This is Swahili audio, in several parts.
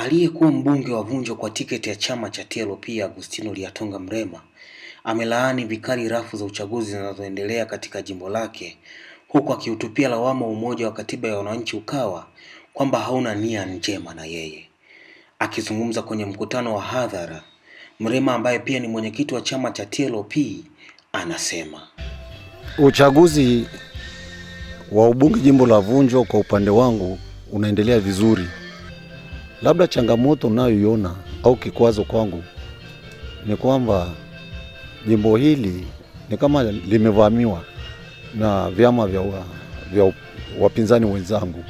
Aliyekuwa mbunge wa Vunjo kwa tiketi ya chama cha TLP Agustino Lyatonga Mrema amelaani vikali rafu za uchaguzi zinazoendelea katika jimbo lake huku akiutupia lawama Umoja wa Katiba ya Wananchi Ukawa kwamba hauna nia njema na yeye. Akizungumza kwenye mkutano wa hadhara, Mrema ambaye pia ni mwenyekiti wa chama cha TLP anasema uchaguzi wa ubunge jimbo la Vunjo kwa upande wangu unaendelea vizuri Labda changamoto unayoiona au kikwazo kwangu ni kwamba jimbo hili ni kama limevamiwa na vyama vya, wa, vya wapinzani wenzangu.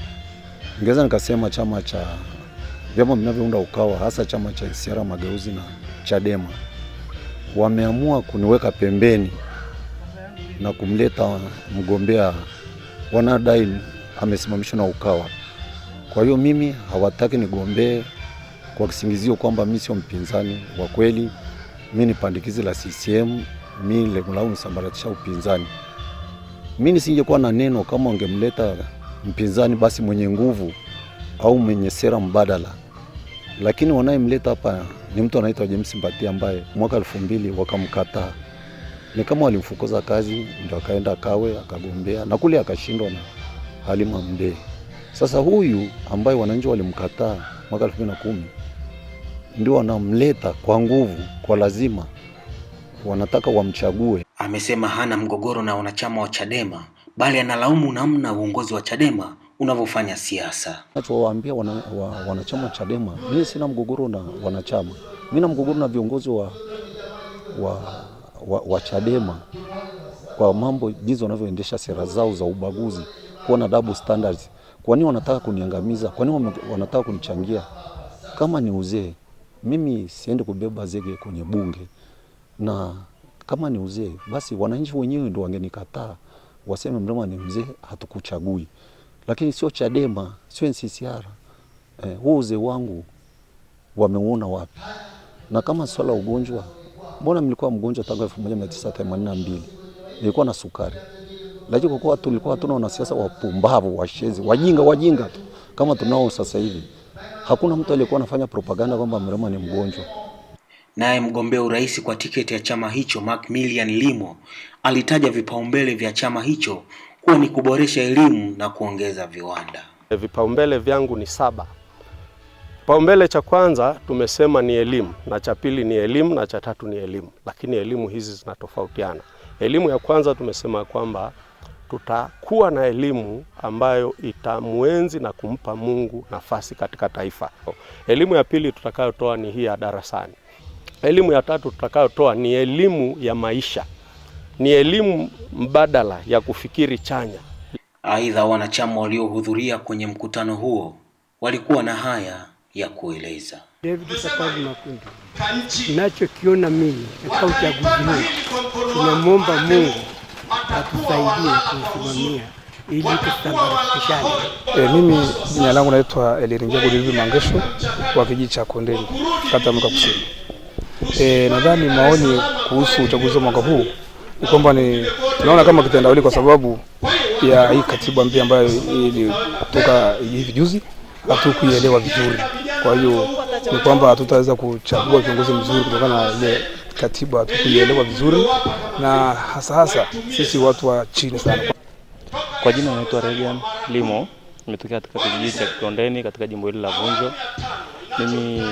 Ningeweza nikasema chama cha vyama vinavyounda Ukawa, hasa chama cha siara Mageuzi na Chadema wameamua kuniweka pembeni na kumleta mgombea wanadai amesimamishwa na Ukawa. Kwa hiyo mimi hawataki nigombee kwa kisingizio kwamba mimi sio mpinzani wa kweli. Mimi ni pandikizi la CCM, mimi lengo langu ni sambaratisha upinzani. Mimi nisingekuwa na neno kama wangemleta mpinzani basi mwenye nguvu au mwenye sera mbadala, lakini wanayemleta hapa ni mtu anaitwa James Mbati ambaye mwaka elfu mbili wakamkataa, ni kama walimfukuza kazi, ndio akaenda Kawe akagombea na kule akashindwa na Halima Mdee. Sasa huyu ambaye wananchi walimkataa mwaka elfu mbili na kumi ndio wanamleta kwa nguvu, kwa lazima, wanataka wamchague. Amesema hana mgogoro na wanachama wa Chadema, bali analaumu namna uongozi wa Chadema unavyofanya siasa. Nachowaambia wana, wa, wanachama wa Chadema, mimi sina mgogoro na wanachama, mimi na mgogoro na viongozi wa, wa, wa, wa Chadema kwa mambo jinsi wanavyoendesha sera zao za ubaguzi, kuwa na double standards kwa nini wanataka kuniangamiza? Kwa nini wanataka kunichangia? Kama ni uzee, mimi siende kubeba zege kwenye bunge, na kama ni uzee, basi wananchi wenyewe ndio wangenikataa, waseme Mrema ni mzee, hatukuchagui. Lakini sio Chadema, sio NCCR. Eh, huu uzee wangu wameuona wapi? Na kama swala ugonjwa, mbona mlikuwa mgonjwa tangu 1982 nilikuwa na sukari. Lakini kwa kuwa tulikuwa hatuna wanasiasa wapumbavu, washezi, wajinga, wajinga tu kama tunao sasa hivi, hakuna mtu aliyekuwa anafanya propaganda kwamba Mrema ni mgonjwa. Naye mgombea urais kwa tiketi ya chama hicho Macmillian Limo alitaja vipaumbele vya chama hicho kuwa ni kuboresha elimu na kuongeza viwanda. Vipaumbele vyangu ni saba. Kipaumbele cha kwanza tumesema ni elimu, na cha pili ni elimu, na cha tatu ni elimu, lakini elimu hizi zinatofautiana. Elimu ya kwanza tumesema kwamba tutakuwa na elimu ambayo itamwenzi na kumpa Mungu nafasi katika taifa. Elimu ya pili tutakayotoa ni hii ya darasani. Elimu ya tatu tutakayotoa ni elimu ya maisha, ni elimu mbadala ya kufikiri chanya. Aidha, wanachama waliohudhuria kwenye mkutano huo walikuwa na haya ya kueleza. David Sakaji Makundu, ninachokiona mimi katika uchaguzi huu, tunamwomba Mungu atusaidie kusimamia ili tusambaratishaje. E, eh, mimi jina langu naitwa Eliringia Gudilivi Mangesho wa kijiji cha Kondeni kata ya Kusini. E, nadhani maoni kuhusu uchaguzi wa mwaka huu ni kwamba ni tunaona kama kitendawili kwa sababu ya hii katiba mpya ambayo ilitoka hivi juzi hatukuielewa vizuri. Kwa hiyo ni kwamba hatutaweza kuchagua kiongozi mzuri kutokana na ile katiba hatukuielewa vizuri, na hasa hasa sisi watu wa chini sana. Kwa jina naitwa Regan Limo, nimetokea katika kijiji cha Kitondeni katika jimbo hili la Vunjo. Mimi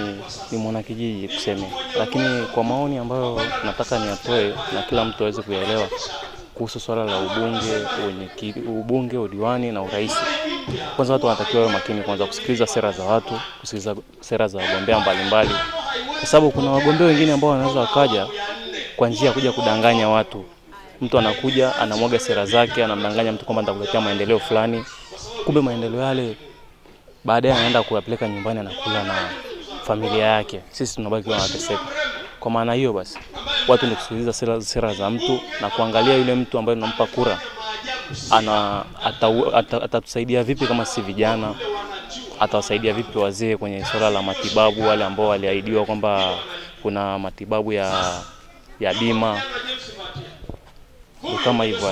ni mwana kijiji kuseme, lakini kwa maoni ambayo nataka niyatoe na kila mtu aweze kuyaelewa kuhusu swala la ubunge, wenye ubunge, udiwani na urais. Kwanza watu wanatakiwa wawe makini kwanza kusikiliza sera za watu, kusikiliza sera za wagombea mbalimbali kwa sababu kuna wagombea wengine ambao wanaweza wakaja kwa njia ya kuja kudanganya watu. Mtu anakuja anamwaga sera zake, anamdanganya mtu kwamba nitakuletea maendeleo fulani, kumbe maendeleo yale baadaye anaenda kuyapeleka nyumbani, anakula na familia yake. Sisi tunabaki wanateseka. Kwa maana hiyo basi, watu ni kusikiliza sera, sera za mtu na kuangalia yule mtu ambaye unampa kura ana atatusaidia ata, ata vipi kama si vijana atawasaidia vipi wazee kwenye suala la matibabu, wale ambao waliahidiwa kwamba kuna matibabu ya, ya bima kama hivyo.